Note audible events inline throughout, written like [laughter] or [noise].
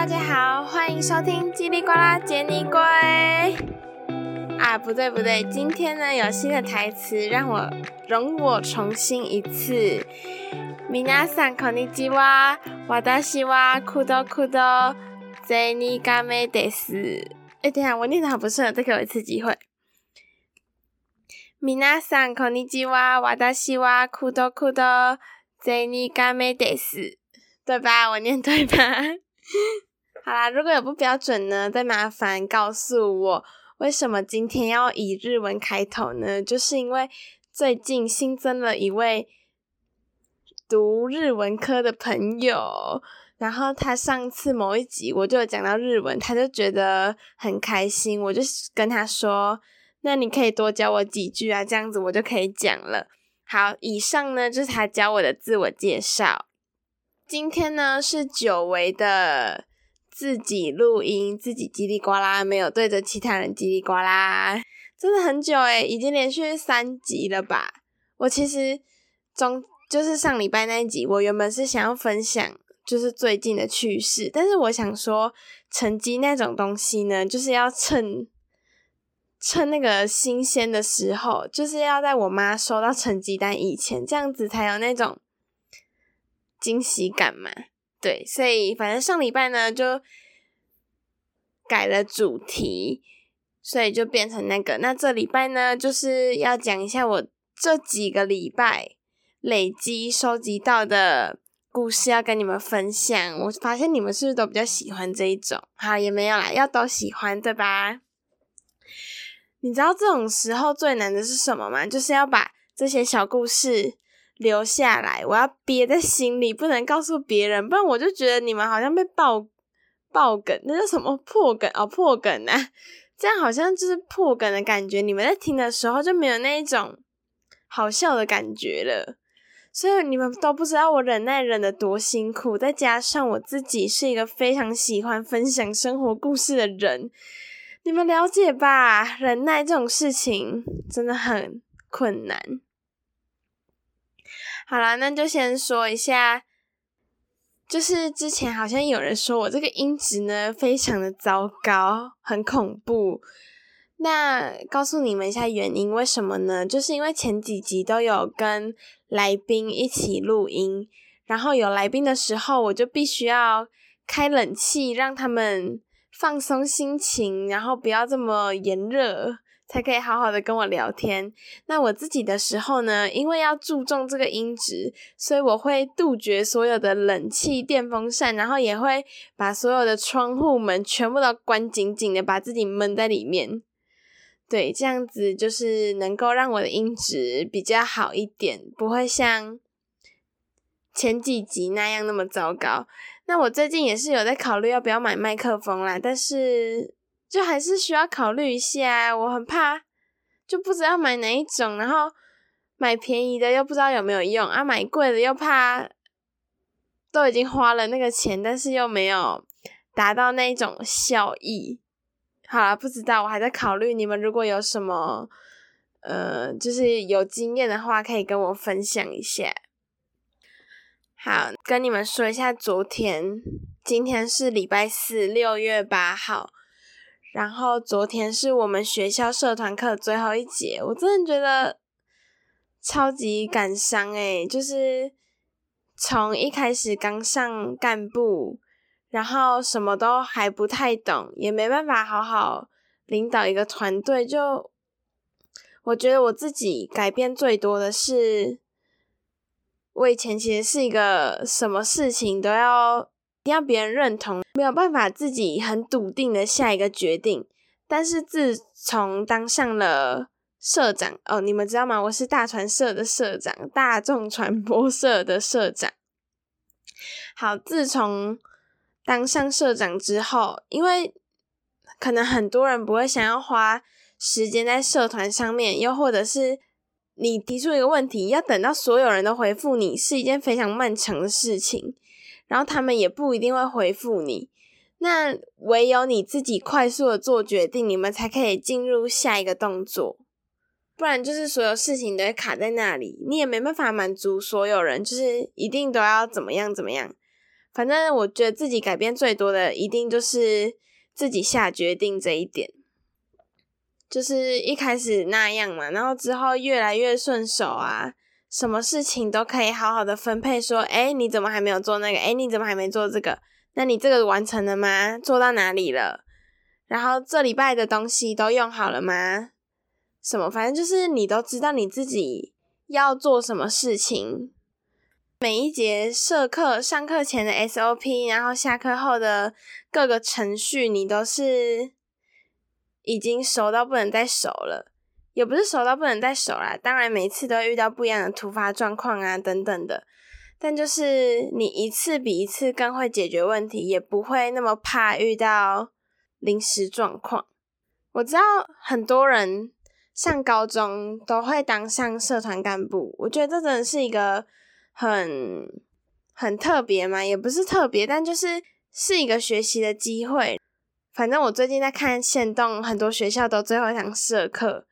大家好，歡迎收聽《嘰里呱啦傑尼龜》啊！不對，不對，今天呢有新的台詞，讓我容我重新一次。米娜桑，肯尼基哇，瓦達西哇，哭多哭多，在尼加沒得事。哎，等下我念的好不順，再給我一次機會。米娜桑，肯尼基哇，瓦達西哇，哭多哭多，在尼加沒得事。對吧？我念對吧？ [laughs] 好啦，如果有不標準呢，再麻煩告訴我。為什麼今天要以日文開頭呢？就是因為最近新增了一位讀日文科的朋友，然後他上次某一集我就有講到日文，他就覺得很開心，我就跟他說：“那你可以多教我幾句啊，這樣子我就可以講了。”好，以上呢就是他教我的自我介紹。今天呢是久違的，自己錄音，自己嘰裡呱啦，沒有對着其他人嘰裡呱啦，真的很久誒、欸、已經連續三集了吧？我其實中就是上禮拜那一集，我原本是想要分享就是最近的趣事，但是我想說成績那種東西呢，就是要趁趁那個新鮮的時候，就是要在我媽收到成績單以前，這樣子才有那種驚喜感嘛。對，所以反正上禮拜呢，就改了主題，所以就變成那個。那這禮拜呢，就是要講一下我這幾個禮拜累積收集到的故事，要跟你們分享。我發現你們是不是都比較喜歡這一種？好，也沒有啦，要都喜歡對吧？你知道這種時候最難的是什麼嗎？就是要把這些小故事。留下來，我要憋在心裡，不能告訴別人，不然我就覺得你們好像被爆爆梗，那叫什麼破梗啊，哦？破梗啊！這樣好像就是破梗的感覺。你們在聽的時候就沒有那一種好笑的感覺了，所以你們都不知道我忍耐忍的多辛苦。再加上我自己是一個非常喜歡分享生活故事的人，你們了解吧？忍耐這種事情真的很困難。好啦，那就先說一下，就是之前好像有人說我這個音質呢非常的糟糕，很恐怖。那告訴你們一下原因，為什麼呢？就是因為前幾集都有跟來賓一起錄音，然後有來賓的時候，我就必須要開冷氣讓他們放鬆心情，然後不要這麼炎熱。才可以好好的跟我聊天。那我自己的時候呢，因為要注重這個音質，所以我會杜絕所有的冷氣、電風扇，然後也會把所有的窗戶門全部都關緊緊的，把自己悶在裡面。對，這樣子就是能夠讓我的音質比較好一點，不會像前幾集那樣那麼糟糕。那我最近也是有在考慮要不要買麥克風啦，但是。就還是需要考慮一下，我很怕，就不知道買哪一種，然後買便宜的又不知道有沒有用啊，買貴的又怕，都已經花了那個錢，但是又沒有達到那一種效益。好啦，不知道，我還在考慮，你們如果有什麼，呃，就是有經驗的話，可以跟我分享一下。好，跟你們說一下，昨天，今天是禮拜四，六月八號。然後昨天是我們學校社團課最後一節，我真的覺得超級感傷欸，就是從一開始剛上幹部，然後什麼都還不太懂，也沒辦法好好領導一個團隊，就我覺得我自己改變最多的是，我以前其實是一個什麼事情都要。要別人認同，沒有辦法自己很篤定的下一個決定。但是自從當上了社長，哦，你們知道嗎？我是大傳社的社長，大眾傳播社的社長。好，自從當上社長之後，因為可能很多人不會想要花時間在社團上面，又或者是你提出一個問題，要等到所有人都回復你，是一件非常漫長的事情。然後他們也不一定會回復你，那唯有你自己快速的做決定，你們才可以進入下一個動作，不然就是所有事情都會卡在那裡，你也沒辦法滿足所有人，就是一定都要怎麼樣怎麼樣。反正我覺得自己改變最多的，一定就是自己下決定這一點，就是一開始那樣嘛，然後之後越來越順手啊。什麼事情都可以好好的分配，說，哎，你怎麼還沒有做那個？哎，你怎麼還沒做這個？那你這個完成了嗎？做到哪裡了？然後這禮拜的東西都用好了嗎？什麼？反正就是你都知道你自己要做什麼事情。每一節社課，上課前的 SOP，然後下課後的各個程序，你都是已經熟到不能再熟了。也不是熟到不能再熟啦，當然每次都會遇到不一樣的突發狀況啊，等等的。但就是你一次比一次更會解決問題，也不會那麼怕遇到臨時狀況。我知道很多人上高中都會當上社團幹部，我覺得這真的是一個很很特別嘛，也不是特別，但就是是一個學習的機會。反正我最近在看限動，很多學校都最後一堂社課。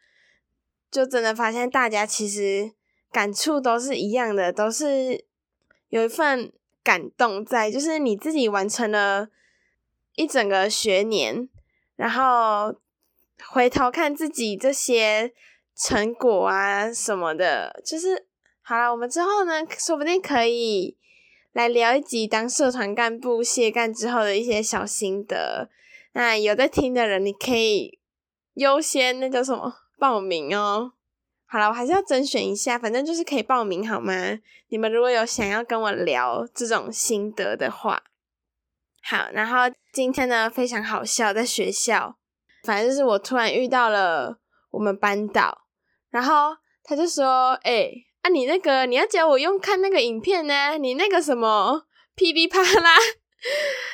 就真的發現，大家其實感觸都是一樣的，都是有一份感動在。就是你自己完成了一整個學年，然後回頭看自己這些成果啊什麼的，就是好了。我們之後呢，說不定可以來聊一集當社團幹部卸幹之後的一些小心得。那有在聽的人，你可以優先那個什麼？.報名哦！好了，我還是要甄選一下，反正就是可以報名，好嗎？你們如果有想要跟我聊這種心得的話，好。然後今天呢，非常好笑，在學校，反正就是我突然遇到了我們班導，然後他就說：“哎、欸，啊你那個你要教我用看那個影片呢？你那個什麼噼里啪啦。”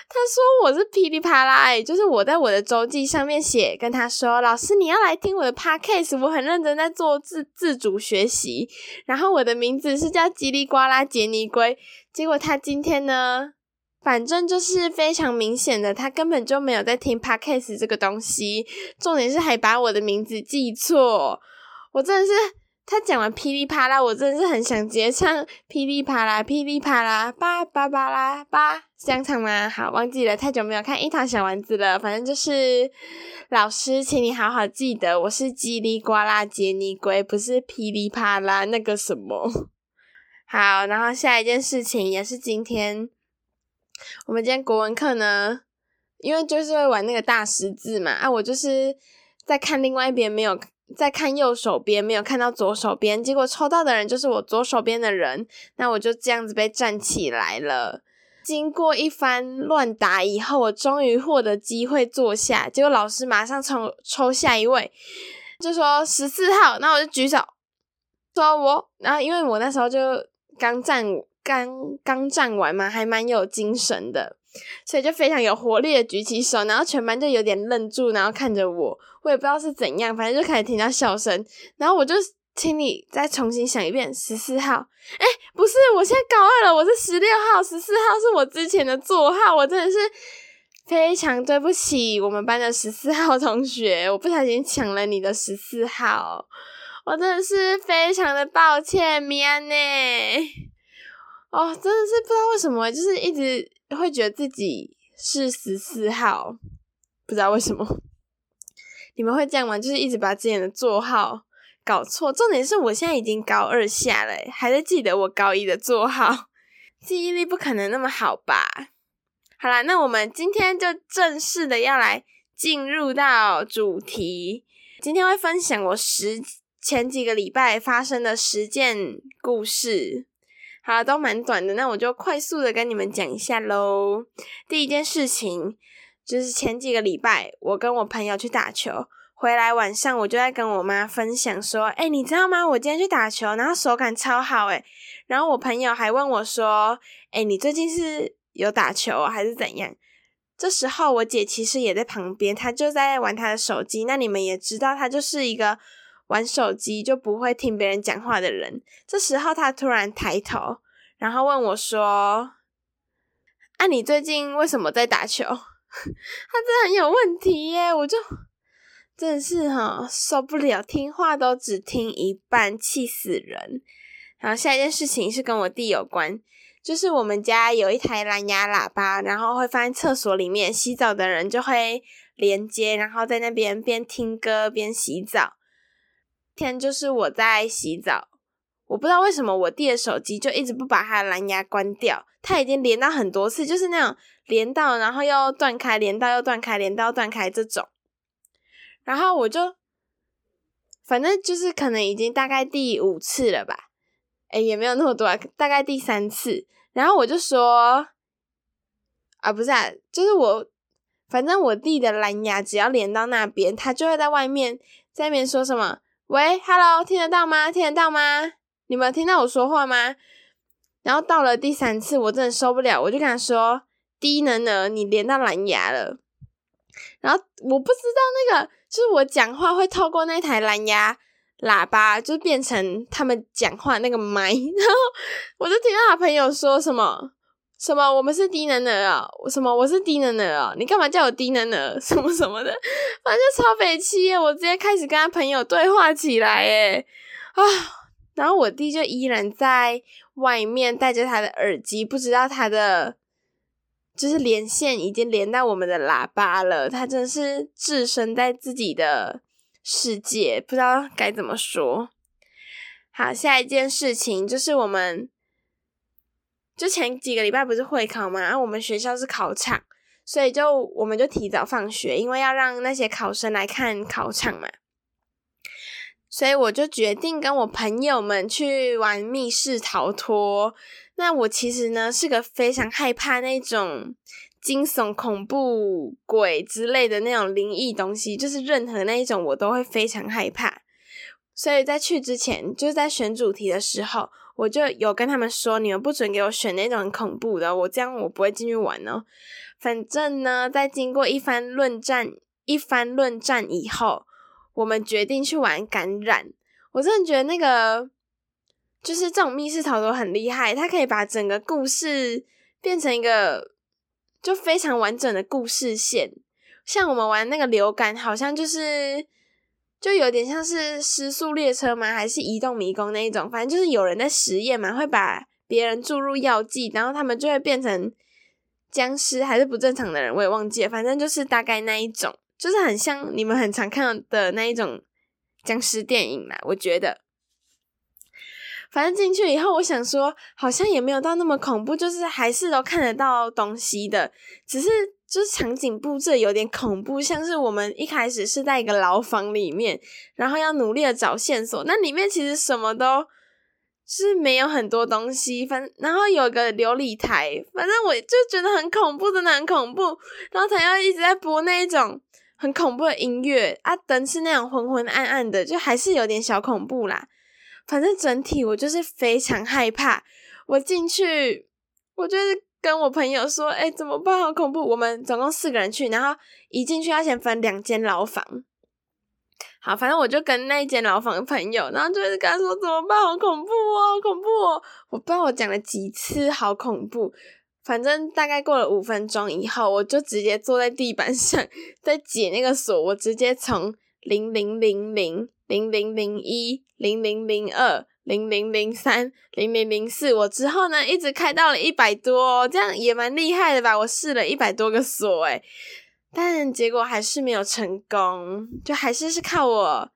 他說我是噼裡啪啦、欸，誒，就是我在我的周記上面寫，跟他說，老師你要來聽我的 podcast，我很認真在做自自主學習，然後我的名字是叫嘰里呱啦傑尼龜，結果他今天呢，反正就是非常明顯的，他根本就沒有在聽 podcast 這個東西，重點是還把我的名字記錯，我真的是。他講完噼裡啪啦，我真的是很想直接唱噼裡啪啦、噼裡啪啦、叭叭叭啦叭，這樣唱嗎？好，忘記了太久沒有看櫻桃小丸子了。反正就是老師，請你好好記得，我是嘰裡呱啦傑尼龜，不是噼裡啪啦那個什麼。好，然後下一件事情也是今天，我們今天國文課呢，因為就是會玩那個大十字嘛。啊，我就是在看另外一邊沒有。在看右手邊，沒有看到左手邊，結果抽到的人就是我左手邊的人，那我就這樣子被站起來了。經過一番亂打以後，我終於獲得機會坐下。結果老師馬上抽抽下一位，就說十四號，那我就舉手，說我，然後，因為我那時候就剛站剛剛站完嘛，還蠻有精神的。所以就非常有活力的舉起手，然後全班就有點愣住，然後看着我，我也不知道是怎樣，反正就開始聽到笑聲，然後我就請你再重新想一遍，十四號，哎、欸，不是，我現在高二了，我是十六號，十四號是我之前的座號，我真的是非常對不起我們班的十四號同學，我不小心搶了你的十四號，我真的是非常的抱歉，米安呢？哦、oh，真的是不知道為什麼，就是一直會覺得自己是十四號，不知道為什麼，你們會這樣嗎？就是一直把自己的座號搞錯。重點是我現在已經高二下了，還在記得我高一的座號，記憶力不可能那麼好吧。好啦，那我們今天就正式的要來進入到主題，今天會分享我十前幾個禮拜發生的十件故事。好，都蠻短的，那我就快速的跟你們講一下嘍。第一件事情就是前幾個禮拜，我跟我朋友去打球，回來晚上我就在跟我媽分享說：“欸，你知道嗎？我今天去打球，然後手感超好欸。”然後我朋友還問我說：“欸，你最近是有打球還是怎樣？”這時候我姐其實也在旁邊，她就在玩她的手機。那你們也知道，她就是一個。玩手機就不會聽別人講話的人。這時候他突然抬頭，然後問我說：“啊，你最近為什麼在打球？” [laughs] 他真的很有問題耶！我就真的是哈受不了，聽話都只聽一半，氣死人。然後下一件事情是跟我弟有關，就是我們家有一台藍牙喇叭，然後會放在廁所裡面，洗澡的人就會連接，然後在那邊邊聽歌邊洗澡。天就是我在洗澡，我不知道為什麼我弟的手機就一直不把他的藍牙關掉，他已經連到很多次，就是那種連到然後又斷開，連到又斷開，連到斷開這種。然後我就，反正就是可能已經大概第五次了吧，欸，哎也沒有那麼多，大概第三次。然後我就說，啊不是啊，就是我，反正我弟的藍牙只要連到那邊，他就會在外面，在那邊說什麼。喂，Hello，聽得到嗎？聽得到嗎？你們聽到我說話嗎？然後到了第三次，我真的受不了，我就跟他說：“低能兒，你連到藍芽了。”然後我不知道那個，就是我講話會透過那台藍芽喇叭，就變成他們講話那個麥。然後我就聽到他朋友說什麼。什麼？我們是低能兒啊！什麼？我是低能兒啊！你幹嘛叫我低能兒？什麼什麼的，反正超匪氣、欸、我直接開始跟他朋友對話起來誒、欸、啊！然後我弟就依然在外面戴着他的耳機，不知道他的就是連線已經連到我們的喇叭了。他真是置身在自己的世界，不知道該怎麼說。好，下一件事情就是我們。就前幾個禮拜不是會考嘛，然後我們學校是考場，所以就我們就提早放學，因為要讓那些考生來看考場嘛。所以我就決定跟我朋友們去玩密室逃脫。那我其實呢是個非常害怕那種驚悚、恐怖、鬼之類的那種靈異東西，就是任何那一種我都會非常害怕。所以在去之前，就在選主題的時候。我就有跟他們說，你們不准給我選那種很恐怖的，我這樣我不會進去玩哦。反正呢，在經過一番論戰、一番論戰以後，我們決定去玩感染。我真的覺得那個就是這種密室逃脫很厲害，它可以把整個故事變成一個就非常完整的故事線。像我們玩那個流感，好像就是。就有點像是失速列車嘛，還是移動迷宮那一種？反正就是有人在實驗嘛，會把別人注入藥劑，然後他們就會變成僵屍，還是不正常的人，我也忘記了。反正就是大概那一種，就是很像你們很常看到的那一種僵屍電影嘛。我覺得，反正進去以後，我想說，好像也沒有到那麼恐怖，就是還是都看得到東西的，只是。就是場景布置有點恐怖，像是我們一開始是在一個牢房裡面，然後要努力的找線索。那裡面其實什麼都，是沒有很多東西，反正然後有個流理台，反正我就覺得很恐怖的，很恐怖。然後他要一直在播那一種很恐怖的音樂，啊，燈是那種昏昏暗暗的，就還是有點小恐怖啦。反正整體我就是非常害怕，我進去，我覺得。跟我朋友說，哎、欸，怎麼辦？好恐怖！我們總共四個人去，然後一進去，要先分兩間牢房。好，反正我就跟那間牢房的朋友，然後就是跟他說，怎麼辦？好恐怖哦，好恐怖哦！我不知道我講了幾次好恐怖。反正大概過了五分鐘以後，我就直接坐在地板上在解那個鎖，我直接從零零零零零零零一零零零二、零零零三，零零零四，我之後呢一直開到了一百多，這樣也蠻厲害的吧？我試了一百多個鎖，欸，誒，但結果還是沒有成功，就還是是靠我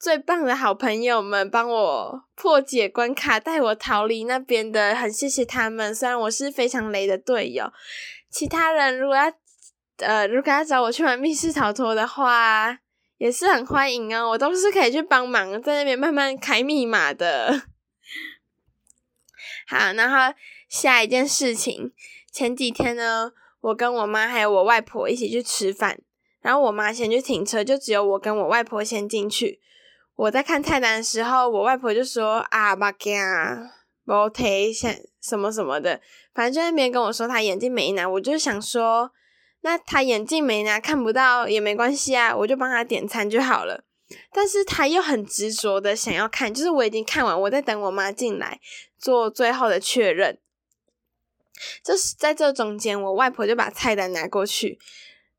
最棒的好朋友們幫我破解關卡，帶我逃離那邊的，很謝謝他們。雖然我是非常雷的隊友，其他人如果要呃，如果要找我去玩密室逃脫的話，也是很歡迎啊、哦，我都是可以去幫忙在那邊慢慢開密碼的。好，然後下一件事情，前幾天呢，我跟我媽還有我外婆一起去吃飯，然後我媽先去停車，就只有我跟我外婆先進去。我在看菜單的時候，我外婆就說啊，嘎呀，茅台像什麼什麼的，反正就在那邊跟我說她眼睛沒拿，我就想說。那他眼鏡沒拿，看不到也沒關係啊，我就幫他點餐就好了。但是他又很執着的想要看，就是我已經看完，我在等我媽進來做最後的確認。就是在這中間，我外婆就把菜單拿過去，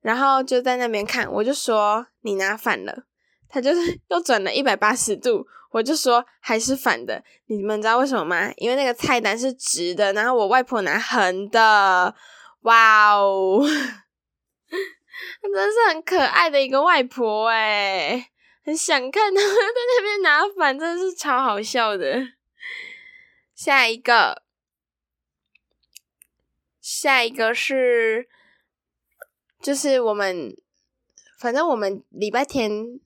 然後就在那邊看，我就說你拿反了。他就是又轉了一百八十度，我就說還是反的。你們知道為什麼嗎？因為那個菜單是直的，然後我外婆拿橫的。哇哦！真的是很可愛的一個外婆哎，很想看她在那邊拿，反正是超好笑的。下一個，下一個是就是我們，反正我們禮拜天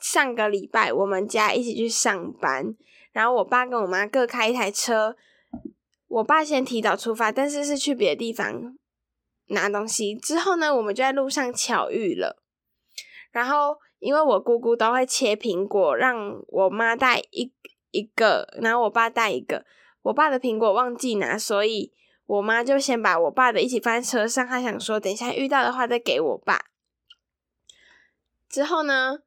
上個禮拜我們家一起去上班，然後我爸跟我媽各開一台車，我爸先提早出發，但是是去別的地方。拿東西之後呢，我們就在路上巧遇了。然後，因為我姑姑都會切蘋果，讓我媽帶一一個，然後我爸帶一個。我爸的蘋果忘記拿，所以我媽就先把我爸的一起放在車上。她想說，等一下遇到的話再給我爸。之後呢，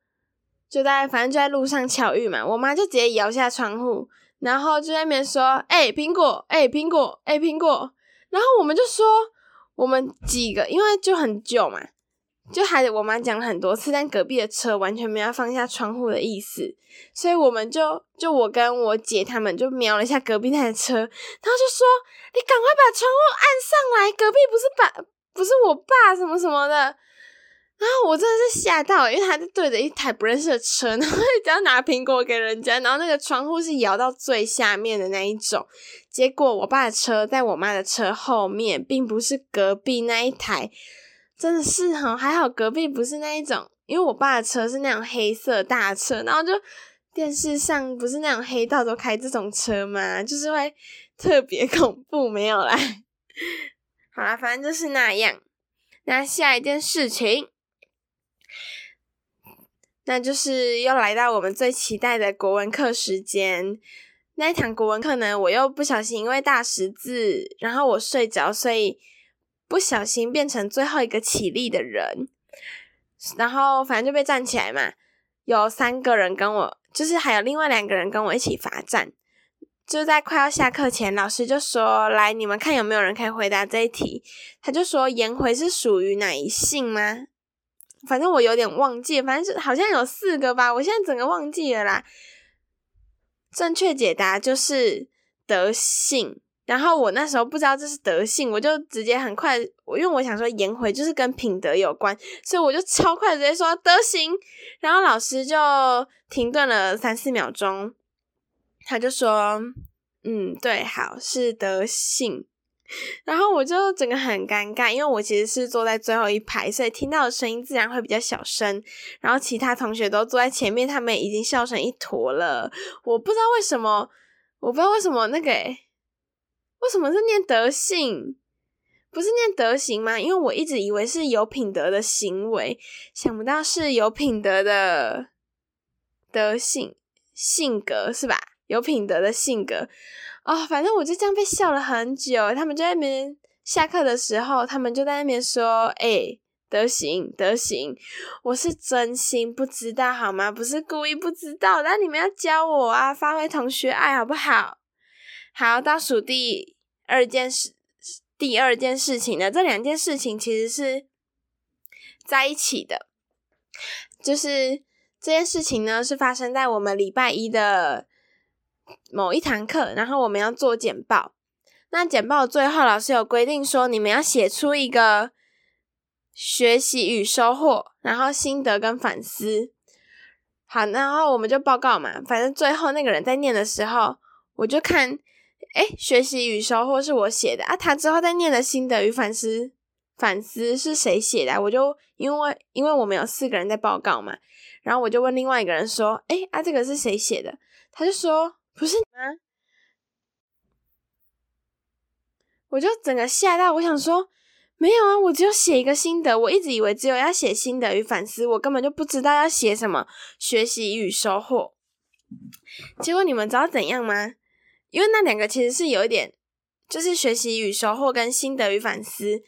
就在反正就在路上巧遇嘛，我媽就直接搖下窗戶，然後就在那邊說：“欸，蘋果，欸，蘋果，欸，蘋果。”然後我們就說。我們幾個因為就很久嘛，就還我媽講了很多次，但隔壁的車完全沒有要放下窗戶的意思，所以我們就就我跟我姐他們就瞄了一下隔壁那台車，然後就說：“你趕快把窗戶按上來，隔壁不是把，不是我爸什麼什麼的。”啊！我真的是嚇到，因為他就對着一台不認識的車，然後要拿蘋果給人家，然後那個窗戶是搖到最下面的那一種。結果我爸的車在我媽的車後面，並不是隔壁那一台。真的是哈，還好隔壁不是那一種，因為我爸的車是那種黑色大車，然後就電視上不是那種黑道都開這種車嘛，就是會特別恐怖，沒有啦。好了，反正就是那樣。那下一件事情。那就是又來到我們最期待的國文課時間。那一堂國文課呢，我又不小心因為大十字，然後我睡着，所以不小心變成最後一個起立的人，然後反正就被站起來嘛。有三個人跟我，就是還有另外兩個人跟我一起罰站。就在快要下課前，老師就說：“來，你們看有沒有人可以回答這一題？”他就說：“顏回是屬於哪一姓嗎？”反正我有點忘記，反正就好像有四個吧，我現在整個忘記了啦。正確解答就是德性，然後我那時候不知道這是德性，我就直接很快，我因為我想說顏回就是跟品德有關，所以我就超快直接說德行，然後老師就停頓了三四秒鐘，他就說，嗯，對，好，是德性。然後我就整個很尷尬，因為我其實是坐在最後一排，所以聽到的聲音自然會比較小聲。然後其他同學都坐在前面，他們已經笑成一坨了。我不知道為什麼，我不知道為什麼那個、欸，為什麼是念德性，不是念德行嗎？因為我一直以為是有品德的行為，想不到是有品德的德性，性格是吧？有品德的性格。哦，反正我就這樣被笑了很久。他們就在那邊下課的時候，他們就在那邊說：“哎、欸，德行，德行，我是真心不知道好嗎？不是故意不知道，但你們要教我啊，發揮同學愛好不好？”好，倒數第二件事，第二件事情呢，這兩件事情其實是在一起的，就是這件事情呢，是發生在我們禮拜一的。某一堂課，然後我們要做簡報。那簡報最後老師有規定說，你們要寫出一個學習與收穫，然後心得跟反思。好，然後我們就報告嘛。反正最後那個人在念的時候，我就看，哎，學習與收穫是我寫的啊。他之後在念的心得與反思，反思是誰寫的啊？我就因為因為我們有四個人在報告嘛，然後我就問另外一個人說，哎，啊，這個是誰寫的？他就說。不是啊？我就整個嚇到，我想說，沒有啊，我只有寫一個心得。我一直以為只有要寫心得與反思，我根本就不知道要寫什麼學習與收穫。結果你們知道怎樣嗎？因為那兩個其實是有一點，就是學習與收穫跟心得與反思，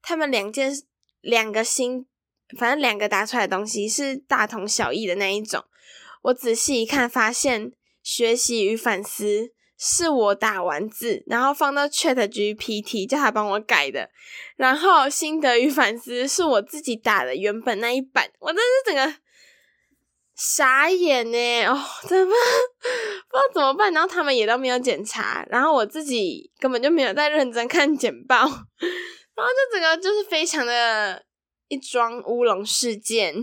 他們兩件兩個心，反正兩個答出來的東西是大同小異的那一種。我仔細一看，發現。學習與反思是我打完字，然後放到 Chat GPT，叫他幫我改的。然後心得與反思是我自己打的原本那一版，我真的是整個傻眼呢！哦，怎麼不，不知道怎麼辦？然後他們也都沒有檢查，然後我自己根本就沒有在認真看簡報，然後就整個就是非常的一樁烏龍事件。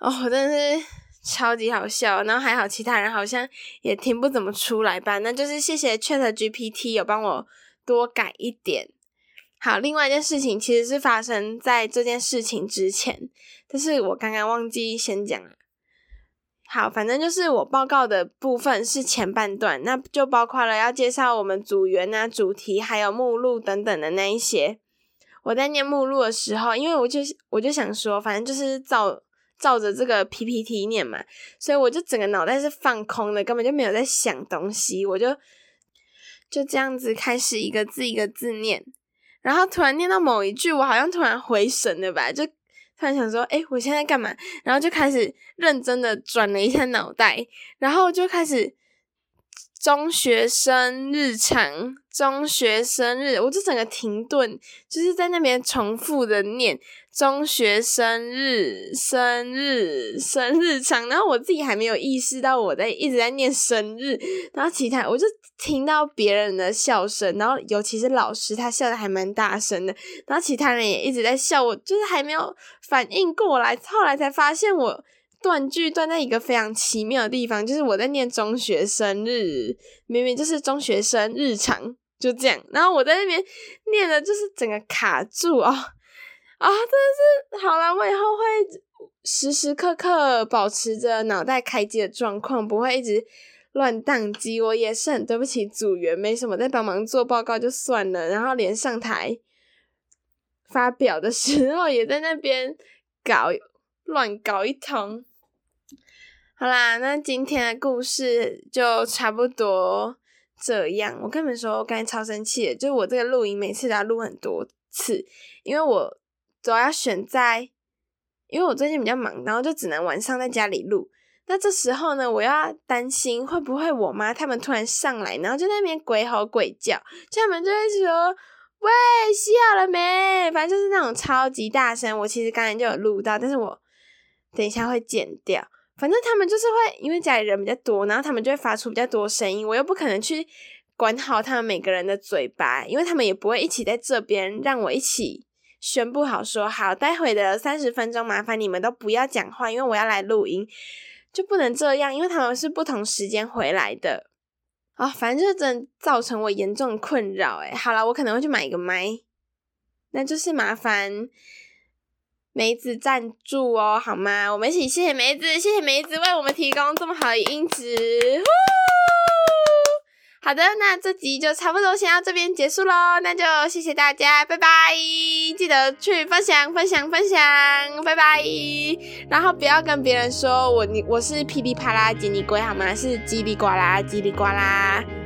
哦，我真的是。超級好笑，然後還好其他人好像也聽不怎麼出來吧。那就是謝謝 Chat GPT 有幫我多改一點。好，另外一件事情其實是發生在這件事情之前，但是我剛剛忘記先講了。好，反正就是我報告的部分是前半段，那就包括了要介紹我們組員啊、主題還有目錄等等的那一些。我在念目錄的時候，因為我就我就想說，反正就是照。照着這個 PPT 念嘛，所以我就整個腦袋是放空的，根本就沒有在想東西，我就就這樣子開始一個字一個字念，然後突然念到某一句，我好像突然回神了吧，就突然想說，誒，我現在幹嘛？然後就開始認真的轉了一下腦袋，然後就開始。中學生日常，中學生日，我就整個停頓，就是在那邊重複的念中學生日，生日，生日常。然後我自己還沒有意識到我在一直在念生日，然後其他我就聽到別人的笑聲，然後尤其是老師他笑得還蠻大聲的，然後其他人也一直在笑，我就是還沒有反應過來，後來才發現我。斷句斷在一個非常奇妙的地方，就是我在念中學生日，明明就是中學生日常，就這樣。然後我在那邊念的就是整個卡住啊啊！但、哦哦、是好了，我以後會時時刻刻保持着腦袋開機的狀況，不會一直亂宕機。我也是很對不起組員，沒什麼在幫忙做報告就算了，然後連上台發表的時候也在那邊搞亂搞一通。好啦，那今天的故事就差不多這樣。我跟你們說，我剛才超生氣的，就是我這個錄音每次都要錄很多次，因為我主要要選在，因為我最近比較忙，然後就只能晚上在家裡錄。那這時候呢，我要擔心會不會我媽他們突然上來，然後就那邊鬼吼鬼叫，就他們就會說：“喂，洗好了沒？”反正就是那種超級大聲。我其實剛才就有錄到，但是我等一下會剪掉。反正他們就是會，因為家裡人比較多，然後他們就會發出比較多聲音。我又不可能去管好他們每個人的嘴巴，因為他們也不會一起在這邊讓我一起宣布好說好，待會的三十分鐘麻煩你們都不要講話，因為我要來錄音，就不能這樣，因為他們是不同時間回來的。啊、哦，反正就是真造成我嚴重困擾哎。好了，我可能會去買一個麥，那就是麻煩。梅子贊助哦，好嗎？我們一起謝謝梅子，謝謝梅子為我們提供這麼好的音質。呼！好的，那這集就差不多先到這邊結束嘍。那就謝謝大家，拜拜！記得去分享分享分享，拜拜！然後不要跟別人說我你我是噼裡啪啦嘰裡咕，好嗎？是嘰裡呱啦嘰裡呱啦。吉